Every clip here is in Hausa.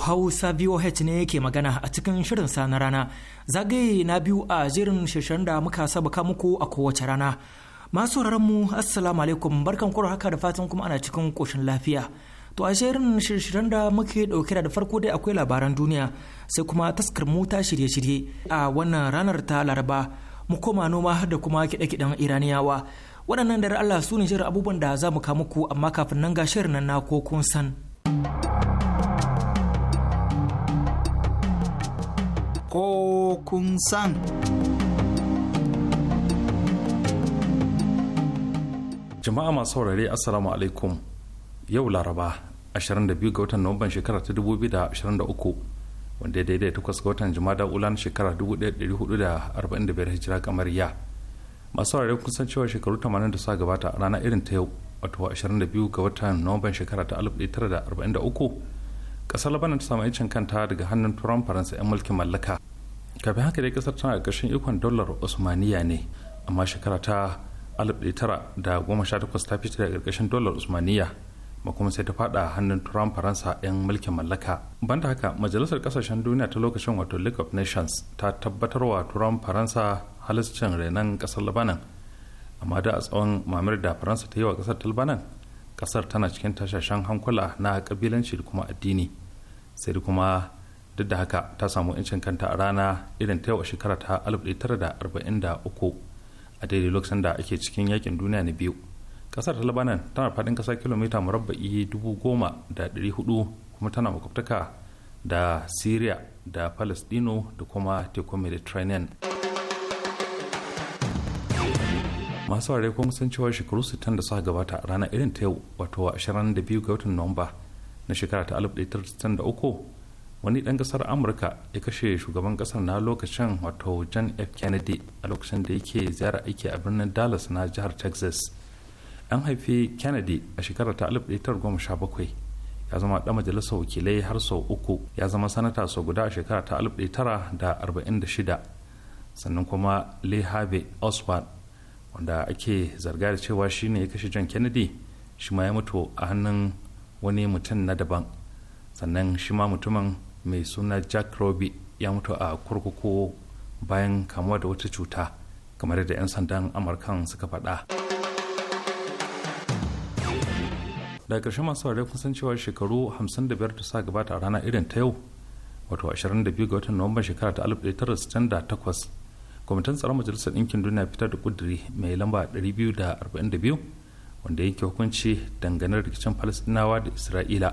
Hausa VOH ne yake magana a cikin shirin sa na rana. Zagaye na biyu a jerin shirin da muka saba muku a kowace rana. Masu mu Assalamu alaikum barkan kuro haka da fatan kuma ana cikin koshin lafiya. To a jerin shirin da muke dauke da farko dai akwai labaran duniya sai kuma taskar ta shirye-shirye a wannan ranar ta Laraba mu koma noma da kuma kiɗe-kiɗen Iraniyawa. Waɗannan dare Allah su ne shirin abubuwan da za mu kamuku amma kafin nan ga shirin nan na ko kun san. ko kun san. Jama'a masu saurare Assalamu alaikum yau Laraba 22 ga watan Nuwamban shekarar ta 2023 wanda ya daidai takwas ga watan Jumada Ulan shekarar 1445 hijira kamariya. Masu saurare kun san cewa shekaru 80 da sa gabata a rana irin ta yau wato 22 ga watan Nuwamban shekara ta 1943 kasar labanan ta samu yancin kanta daga hannun turan faransa 'yan mulkin mallaka kafin haka dai kasar tana ƙarshen ikon dollar usmaniya ne amma shekara ta tara da goma sha 1918 ta fita daga ƙarƙashin dollar usmaniya ma kuma sai ta fada hannun turan faransa 'yan mulkin mallaka banda haka majalisar kasashen duniya ta lokacin wato league of nations ta tabbatar wa turan faransa halascin renon kasar labanan amma da a tsawon mamir da faransa ta yi wa kasar ta labanan kasar tana cikin tashashen hankula na kabilanci da kuma addini sai da kuma duk da haka ta samu 'yancin kanta a rana irin ta yau a shekara ta 1943 a daidai lokacin da ake cikin yakin duniya na biyu kasar ta labanan tana faɗin ƙasa kilomita dubu goma murabba'i 10,400 kuma tana makwabtaka da syria da palestino da kuma tekun mediterranean masu ware kuma sun cewa shekaru 60 da suka gabata a ranar irin ta yau wato 22 ga watan nuwamba na shekara ta 1963 wani dan kasar amurka ya kashe shugaban kasar na lokacin wato john f kennedy a lokacin da yake ziyara aiki a birnin dallas na jihar texas an haifi kennedy a shekara ta 1917 ya zama dan majalisar wakilai har sau uku ya zama sanata sau guda a shekara ta 1946 sannan kuma lee harvey oswald wanda ake zarga da cewa shi ne ya kashe john kennedy shi ma ya mutu a hannun wani mutum na daban sannan shi ma mutumin mai suna jack roby ya mutu a kurkuku bayan kamuwa da wata cuta kamar yadda 'yan sandan amurkan suka faɗa daga ƙarshen masu ware kun san cewa shekaru 55 da sa gabata a rana irin ta yau wato 22 ga watan nuwamban shekara ta 1968 kwamitin tsaron majalisar ɗinkin duniya fitar da kuduri mai lamba 242 wanda yake hukunci dangane da rikicin falastinawa da isra'ila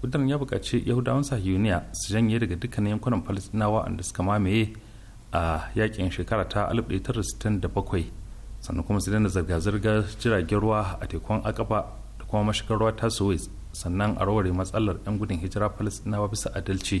kudurin ya buƙaci yahudawan sahiyuniya su janye daga dukkanin yankunan falastinawa da suka mamaye a yakin shekara ta 1967 sannan kuma su daina zirga-zirgar jiragen ruwa a tekun akaba da kuma mashigar ruwa ta suez sannan a rawar matsalar 'yan gudun hijira falastinawa bisa adalci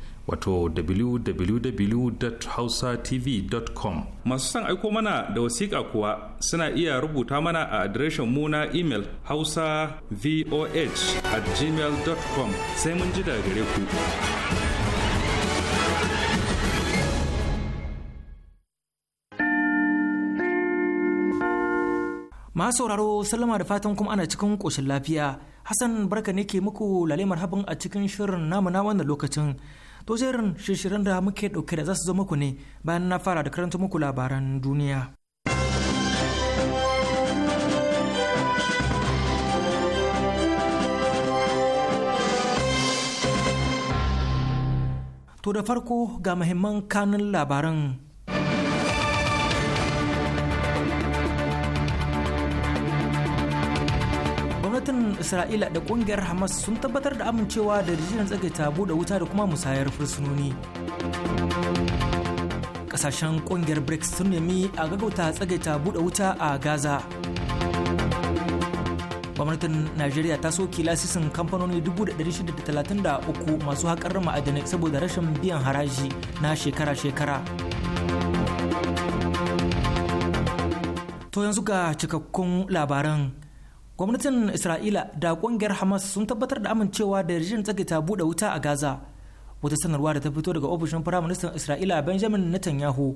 wato www.hausatv.com masu son aiko mana da wasiƙa kuwa suna iya rubuta mana a adireshin mu na imel hausa voh at gmail.com sai mun ji da gare ku masu sauraro salama da fatan kuma ana cikin koshin lafiya hassan barka ne ke muku lalemar habin a cikin shirin namu na wannan lokacin to jerin shirshirin da muke dauke da za su zo muku ne bayan na fara da karanta muku labaran duniya to da farko ga muhimman kanun labaran isra'ila da kungiyar hamas sun tabbatar da amincewa da rijiyar tsagaita buɗe wuta da kuma musayar fursunoni kasashen kungiyar brics sun nemi a gagauta tsagaita buɗe wuta a gaza gwamnatin najeriya ta soke lasisin kamfanoni 633 masu haƙar ma'adanai saboda rashin biyan haraji na shekara-shekara to yanzu ga cikakkun labaran gwamnatin isra'ila da kungiyar hamas sun tabbatar da amincewa da yarjejen tsagaita buɗe wuta a gaza wata sanarwa da ta fito daga ofishin firaministan isra'ila benjamin netanyahu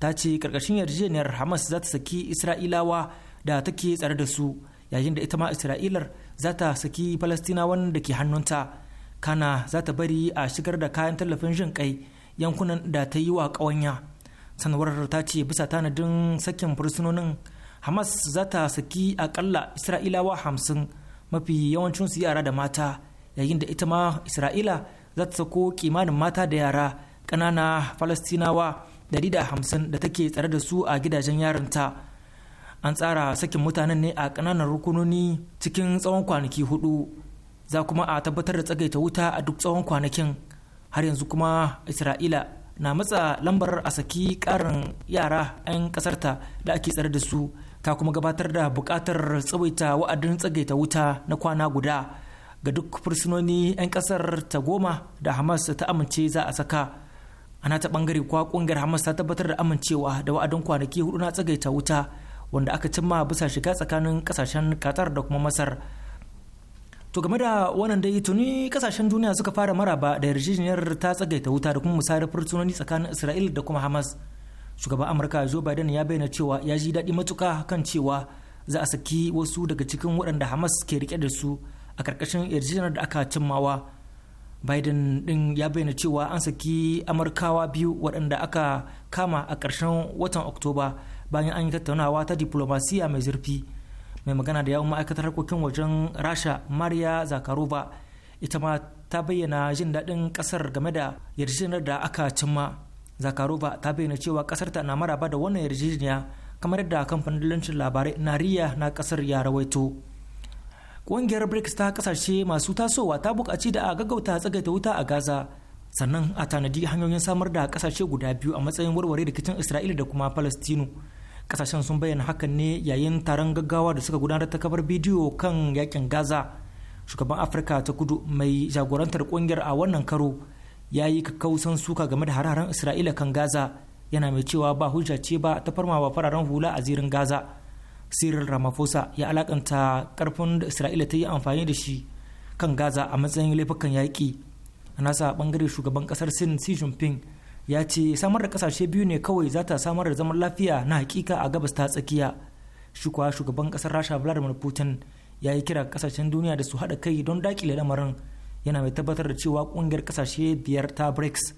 ta ce karkashin yarjejeniyar hamas za ta saki isra'ilawa da take tsare da su yayin da ita ma isra'ilar za ta saki falastinawan da ke hannunta kana za ta bari a shigar da kayan tallafin jin kai yankunan da ta yi wa ƙawanya sanarwar ta ce bisa tanadin sakin fursunonin hamas za ta saki akalla isra'ilawa hamsin mafi yawancin su yara da mata yayin da ita ma isra'ila za ta sako kimanin mata da yara ƙanana falastinawa dari da hamsin da take tsare da su a gidajen yarinta an tsara sakin mutanen ne a ƙananan rukunoni cikin tsawon kwanaki hudu za kuma a tabbatar da tsagaita wuta a duk tsawon kwanakin har yanzu kuma isra'ila na matsa lambar a saki ƙarin yara 'yan ƙasarta da ake tsare da su ta kuma gabatar da bukatar tsawaita wa'adin tsagaita wuta na kwana guda ga duk fursunoni 'yan kasar ta goma da hamas ta amince za a saka ana ta bangare kuwa kungiyar hamas ta tabbatar da amincewa da wa'adin kwanaki hudu na tsagaita wuta wanda aka cimma bisa shiga tsakanin kasashen qatar da kuma masar to game da wannan dai tuni kasashen duniya suka fara maraba da yarjejeniyar ta tsagaita wuta da kuma misalin fursunoni tsakanin isra'il da kuma hamas shugaban amurka joe biden ya bayyana cewa ya ji daɗi matuka kan cewa za a saki wasu daga cikin waɗanda hamas ke rike da su a ƙarƙashin yarjejeniyar da aka cimmawa biden ɗin ya bayyana cewa an saki amurkawa biyu waɗanda aka kama a ƙarshen watan oktoba bayan an yi tattaunawa ta diplomasiya mai zurfi mai magana da yawon ma'aikatar harkokin wajen rasha maria zakarova ita ma ta bayyana jin daɗin ƙasar game da yarjejeniyar da aka cimma zakarova ta bayyana cewa kasar ta na maraba da wannan yarjejeniya kamar yadda kamfanin dalancin labarai na nariya na kasar ya rawaito ƙungiyar brics ta kasashe masu tasowa ta bukaci da a gaggauta tsagaita wuta a gaza sannan a tanadi hanyoyin samar da kasashe guda biyu a matsayin warware rikicin isra'ila da kuma palestinu kasashen sun bayyana hakan ne yayin taron gaggawa da suka gudanar ta kafar bidiyo kan yakin gaza shugaban afirka ta kudu mai jagorantar kungiyar a wannan karo ya yi kakkausan suka game da hararen isra'ila kan gaza yana mai cewa ba hujja ce ba ta farmawa fararen hula a zirin gaza sirin ramaphosa ya alakanta karfin da isra'ila ta yi amfani da shi kan gaza a matsayin laifukan yaƙi a nasa bangare shugaban kasar sin xi jinping ya ce samar da kasashe biyu ne kawai za ta samar da zaman lafiya na hakika a gabas ta tsakiya shi kuwa shugaban kasar rasha vladimir putin ya yi kira kasashen duniya da su haɗa kai don dakile lamarin yana mai tabbatar da cewa kungiyar kasashe biyar ta brics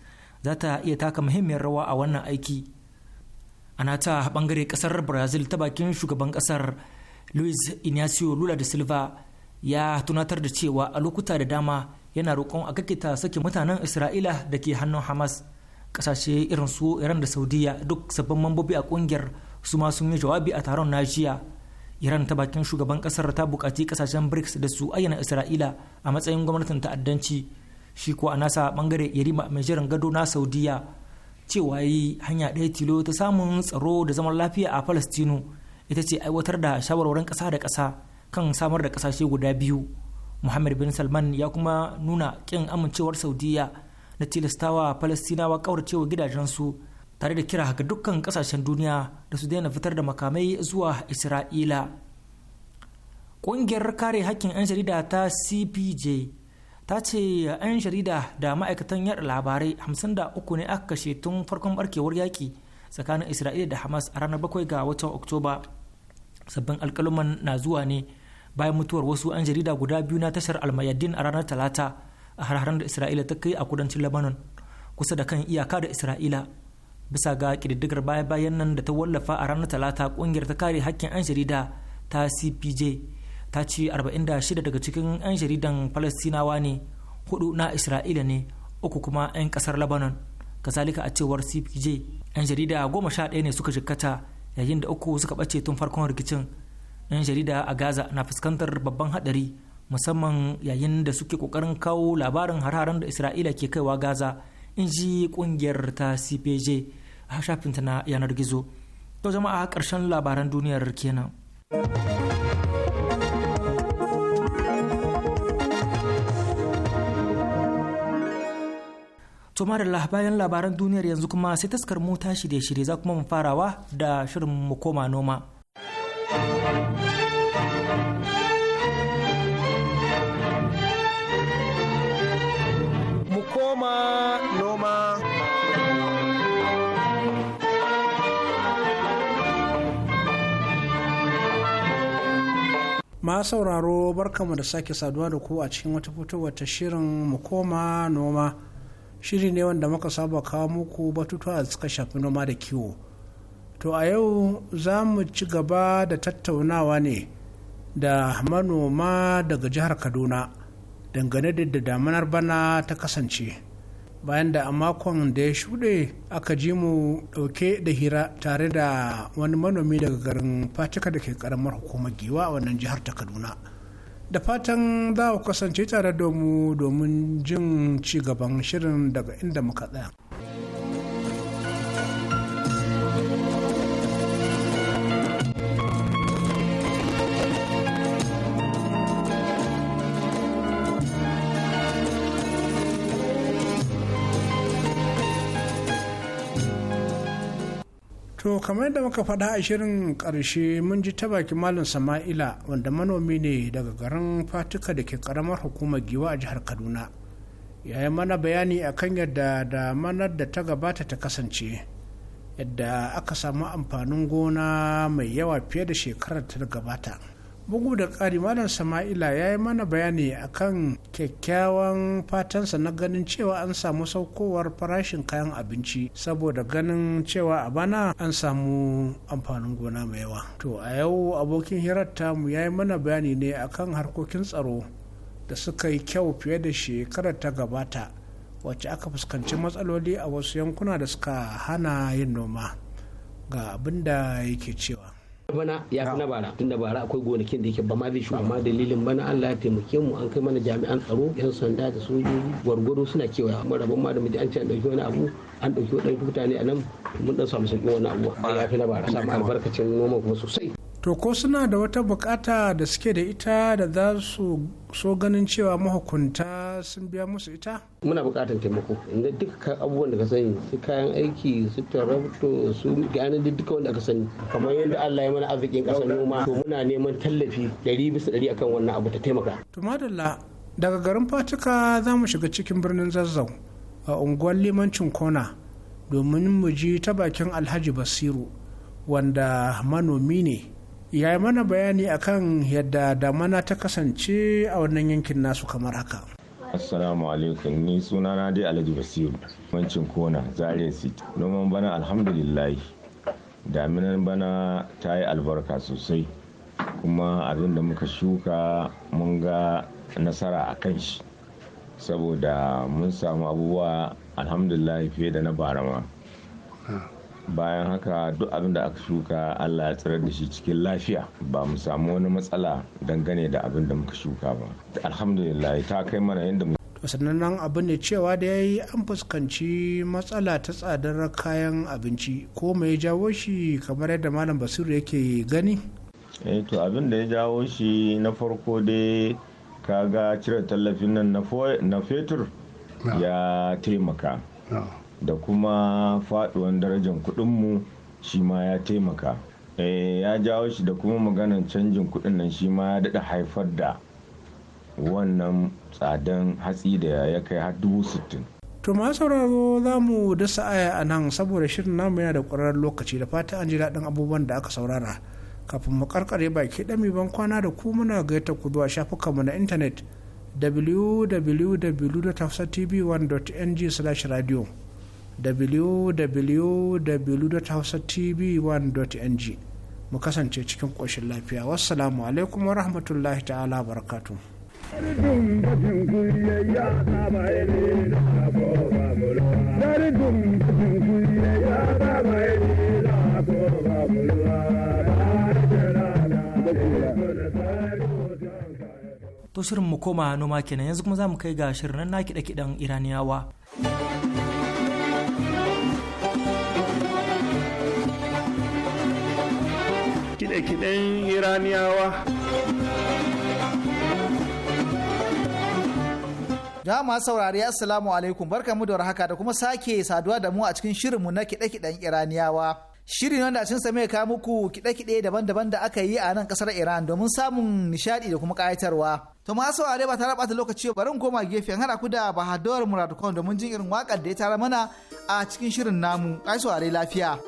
za ta iya taka muhimmiyar rawa a wannan aiki ana ta bangare kasar brazil ta bakin shugaban kasar luis inacio lula da silva ya tunatar da cewa a lokuta da dama yana roƙon a kakita sake mutanen isra'ila da ke hannun hamas kasashe irin su iran da saudiya duk sabbin mambobi a kungiyar su ma sun yi jawabi a taron najiya iran ta bakin shugaban kasar ta bukaci kasashen brics da su ayyana isra'ila a matsayin gwamnatin ta'addanci shi ko a nasa bangare yarima mai jiran gado na saudiya cewa yi hanya ɗaya tilo ta samun tsaro da zaman lafiya a palestino ita ce aiwatar da shawarwarin ƙasa da ƙasa kan samar da ƙasashe guda biyu muhammad bin salman ya kuma nuna ƙin amincewar saudiya na tilastawa falastinawa ƙauracewa gidajensu tare da kira ga dukkan kasashen duniya da su daina fitar da makamai zuwa isra'ila ƙungiyar kare hakkin 'yan jarida ta cpj ta ce 'yan jarida da ma'aikatan yada labarai 53 ne aka kashe tun farkon barkewar yaƙi tsakanin isra'ila da hamas a ranar bakwai ga watan oktoba sabbin alkaluman na zuwa ne bayan mutuwar wasu 'yan jarida guda biyu na tashar almayadin a ranar talata a harharen da isra'ila ta kai a kudancin lebanon kusa da kan iyaka da isra'ila bisa ga kididdigar baya-bayan nan da ta wallafa a ranar talata ƙungiyar ta kare hakkin 'yan jarida ta cpj ta ce 46 daga cikin 'yan jaridan falastinawa ne hudu na isra'ila ne uku kuma 'yan ƙasar lebanon kasalika a cewar cpj 'yan jarida goma sha ɗaya ne suka jikkata yayin da uku suka ɓace tun farkon rikicin 'yan jarida a gaza na fuskantar babban haɗari musamman yayin da suke kokarin kawo labarin hare-haren da isra'ila ke kaiwa gaza in ji kungiyar ta cpj a shafinta na yanar gizo to jama'a karshen labaran duniyar kenan to da bayan labaran duniyar yanzu kuma sai taskar mu ta shirye-shirye za kuma mu farawa da shirin mu koma noma ma sauraro barkamu da sake saduwa da ku a cikin wata fitowar wata shirin mu koma noma shiri ne wanda muka saba kawo muku batutuwa da suka shafi noma da kiwo to a yau za mu ci gaba da tattaunawa ne da manoma daga jihar kaduna dangane da damanar bana ta kasance. bayan da a makon da ya shuɗe aka ji mu ɗauke da hira tare da wani manomi daga garin fatika da ke karamar hukumar giwa a wannan jihar ta kaduna da fatan za ku kasance tare da mu domin jin ci gaban shirin daga inda muka tsaya kamar da muka faɗa a shirin ƙarshe mun ji ta baki malam sama'ila wanda manomi ne daga garin fatuka da ke karamar hukumar giwa a jihar kaduna yayin mana bayani akan yadda da manar da ta gabata ta kasance yadda aka samu amfanin gona mai yawa fiye da shekarar ta gabata. bugu da ƙari malam sama'ila ya yi mana bayani akan kyakkyawan fatansa na ganin cewa an samu saukowar farashin kayan abinci saboda ganin cewa a bana an samu amfanin gona mai yawa to a yau abokin hirarta mu ya yi mana bayani ne akan harkokin tsaro da suka yi kyau fiye da shekarar ta gabata wacce aka fuskanci matsaloli a wasu yankuna da suka hana yin noma ga abin da yake cewa bana ya fi na bara tunda bara akwai gonakin da yake ba ma zai shuka amma dalilin bana Allah ya taimake mu an kai mana jami'an tsaro yan sanda da sojoji gwargwaro suna kewaya amma rabon ma da mu an ce an dauki wani abu an dauki wani mutane a nan mun dan samu sauki wani abu ya fi na bara samu albarkacin noma kuma sosai to ko suna da wata bukata da suke da ita da za su so ganin cewa mahukunta sun biya musu ita? muna bukatar taimako inda duka abubuwan da ka sani su kayan aiki su tarabto su gane duka wanda aka sani kamar yadda Allah ya mana arzikin kasar noma to muna neman tallafi ɗari bisa ɗari akan wannan abu ta taimaka. to madalla daga garin fatuka za mu shiga cikin birnin zazzau a unguwar limancin kona domin mu ji ta bakin alhaji basiru wanda manomi ne ya yi mana bayani akan yadda damana ta kasance a wannan yankin nasu kamar haka. Assalamu alaikum ni suna na dai Alhaji Basiru mancin kona Zaria City. Noman bana alhamdulillahi daminan bana ta yi albarka sosai kuma abin da muka shuka mun ga nasara a kan shi saboda mun samu abubuwa alhamdulillahi fiye da na barama. Ah. bayan haka duk abin da aka shuka allah ya tsirar da shi cikin lafiya ba mu samu wani matsala dangane da abin da muka shuka ba alhamdulillah ta kai mana yadda mu sannan nan abin ne cewa da ya yi an fuskanci matsala ta tsadar kayan abinci ko mai jawo shi kamar yadda malam basiru yake gani eh to abin da ya jawo shi na farko dai kaga cire tallafin nan na fetur ya taimaka da kuma faduwan darajar kudinmu shi ma ya taimaka eh, ya jawo shi da kuma maganan canjin kudin nan shi ma ya daɗa haifar da wannan tsadan hatsi da ya kai har dubu sittin To ma sauraro za mu dasa aya a nan saboda shirin namu yana da ƙwararren lokaci da fata an ji daɗin abubuwan da aka saurara. Kafin mu karkare baki ɗami ban kwana da ku muna gaita ku zuwa shafukanmu na intanet wwwtafsatv 1ng radio www.hausatv1.ng mu kasance cikin ƙoshin lafiya wassalamu alaikum wa rahmatullahi ta'ala barakatu To shirin mu koma noma kenan yanzu kuma za mu kai ga shirin na kiɗe-kiɗen Iraniyawa. kide-kiden iraniyawa ma saurari assalamu alaikum barkamu da warhaka da kuma sake saduwa da mu a cikin shirin mu na kiɗe-kiɗen iraniyawa shirin wanda a cinsa mai kawo muku kiɗe kide daban-daban da aka yi a nan kasar iran domin samun nishaɗi da kuma ƙayatarwa to ma saurare ba tare ɓata lokaci bari in koma gefe an ku da Muradu muradukon domin jin irin waƙar da ya tara mana a cikin shirin namu ai lafiya.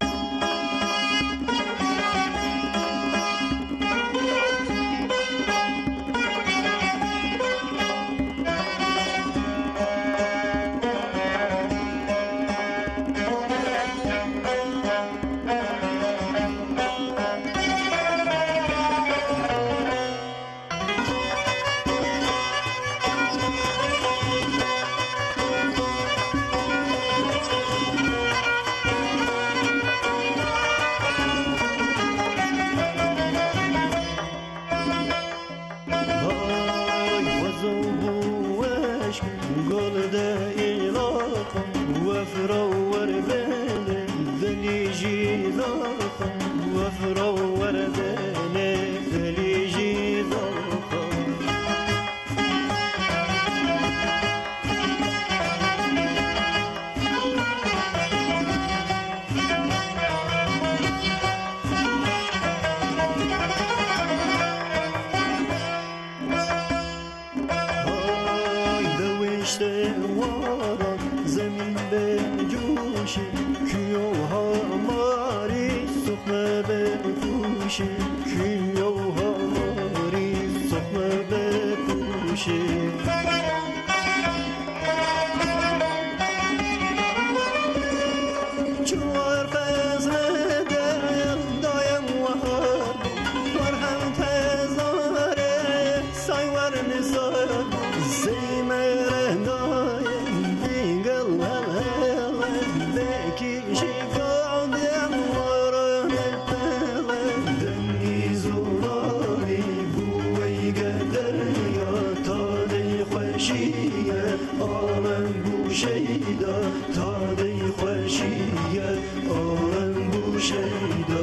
آمن بوشیدا تا دی خوشیه آمن بوشیدا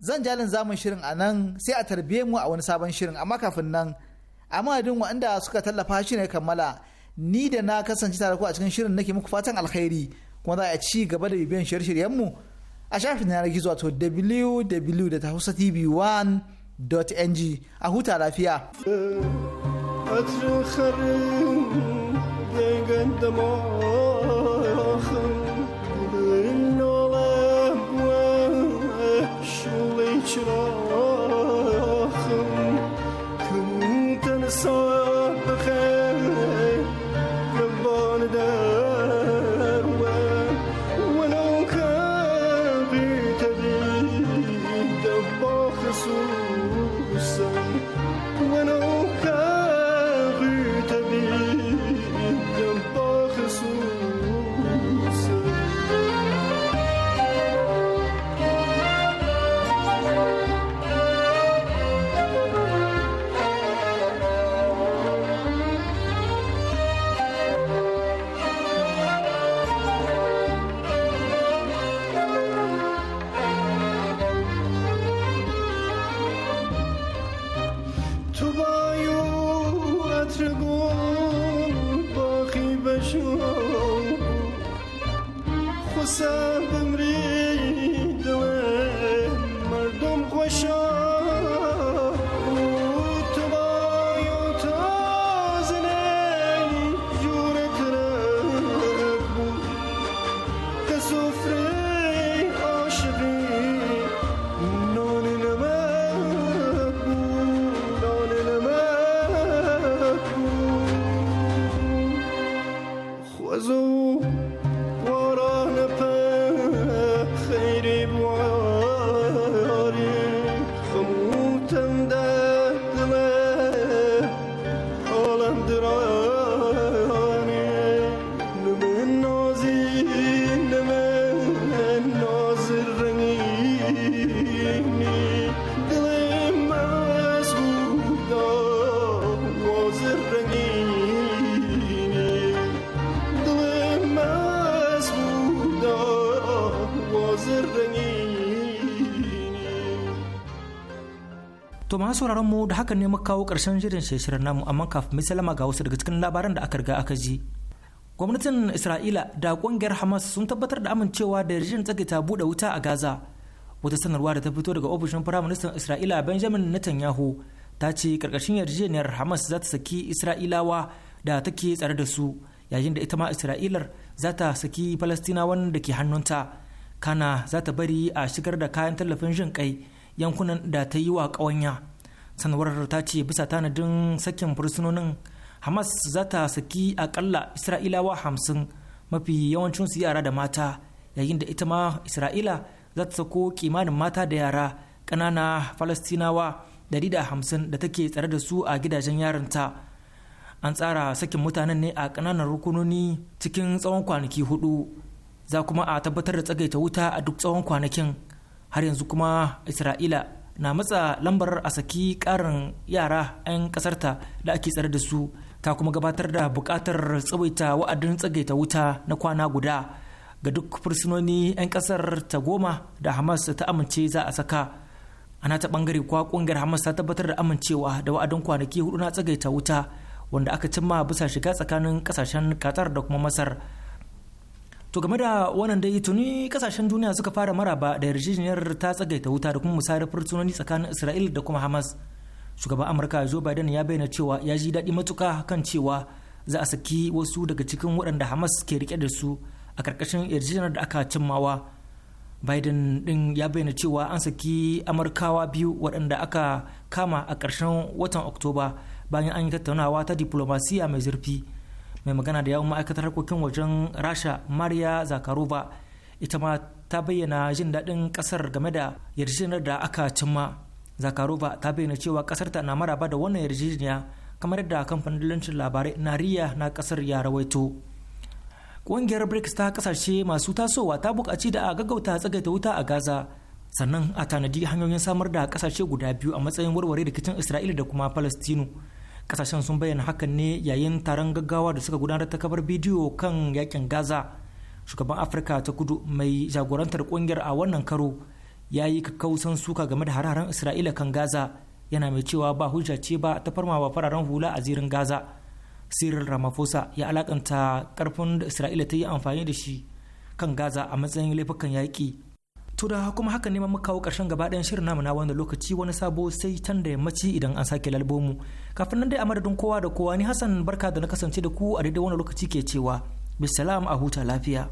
zan jalin zamun shirin a nan sai a tarbiye mu a wani sabon shirin amma kafin nan a madadin waɗanda suka tallafa shi ne kammala ni da na kasance tare ku a cikin shirin nake muku fatan alkhairi kuma za a ci gaba da bibiyan shirye-shiryen mu a shafin yanar gizo wato www.hausatv1.ng a huta lafiya. Eh, know. قطر گل باقی بشو خسر masu sauraron mu da haka ne muka kawo karshen shirin shirin namu amma kafin mai salama ga wasu daga cikin labaran da aka riga aka ji. Gwamnatin Isra'ila da kungiyar Hamas sun tabbatar da amincewa da yarjejen tsage ta buɗe wuta a Gaza. Wata sanarwa da ta fito daga ofishin Firaministan Isra'ila Benjamin Netanyahu ta ce karkashin yarjejeniyar Hamas za ta saki Isra'ilawa da take tsare da su yayin da ita ma Isra'ilar za ta saki Falastinawan da ke hannunta. Kana za ta bari a shigar da kayan tallafin jin kai yankunan da ta yi wa ƙawanya sanarwar ta ce bisa tanadin sakin fursunonin hamas za ta saki akalla isra'ilawa hamsin mafi yawancinsu yara da mata yayin da ita ma isra'ila za ta sako kimanin mata da yara ƙanana falastinawa 150 da take tsare da su a gidajen yarinta an tsara sakin mutanen ne a ƙananan rukunoni cikin tsawon kwanaki hudu za kuma a tabbatar da tsagaita wuta a duk tsawon kwanakin har yanzu kuma isra'ila na matsa lambar a saki karin yara 'yan kasarta da ake tsare da su ta kuma gabatar da bukatar tsawaita wa'adin tsagaita wuta na kwana guda ga duk fursunoni 'yan kasar ta goma da hamas ta amince za a saka ana ta bangare kuwa kungiyar hamas ta tabbatar da amincewa da wa'adin kwanaki hudu na tsagaita wuta wanda aka cimma bisa shiga tsakanin kasashen qatar da kuma masar to game da wannan dai tuni kasashen duniya suka fara maraba da yarjejeniyar ta tsagaita wuta da kuma musayar fursunoni tsakanin isra'il da kuma hamas shugaban amurka joe biden ya bayyana cewa ya ji daɗi matuka kan cewa za a saki wasu daga cikin waɗanda hamas ke rike da su a ƙarƙashin yarjejeniyar da aka cimmawa biden din ya bayyana cewa an saki amurkawa biyu waɗanda aka kama a ƙarshen watan oktoba bayan an yi tattaunawa ta diplomasiya mai zurfi mai magana da yawon ma'aikatar harkokin wajen rasha maria zakarova ita ma ta bayyana jin daɗin ƙasar game da yarjejeniyar da aka cimma zakarova ta bayyana cewa ƙasar ta na maraba da wannan yarjejeniya kamar yadda kamfanin dalancin labarai na riya na ƙasar ya rawaito ƙungiyar brics ta kasashe masu tasowa ta buƙaci da a gaggauta tsagaita wuta a gaza sannan a tanadi hanyoyin samar da ƙasashe guda biyu a matsayin warware rikicin isra'ila da kuma palestinu kasashen sun bayyana hakan ne yayin taron gaggawa da suka gudanar ta kabar bidiyo kan yakin gaza shugaban afirka ta kudu mai jagorantar kungiyar a wannan karo ya yi kakkausan suka game da hararen isra'ila kan gaza yana mai cewa ba hujja ce ba ta farmawa fararen hula a zirin gaza sirrin ramaphosa ya alakanta karfin da isra'ila ta yi amfani da shi kan gaza a matsayin laifukan yaƙi To kuma haka ne muka kawo ƙarshen gaba ɗayan shirin namu na wanda lokaci wani sabo sai can da yammaci idan an sake lalbomu. Kafin nan dai a madadin kowa da kowa ni Hassan barka da na kasance da ku a daidai wani lokaci ke cewa bisalam a huta lafiya.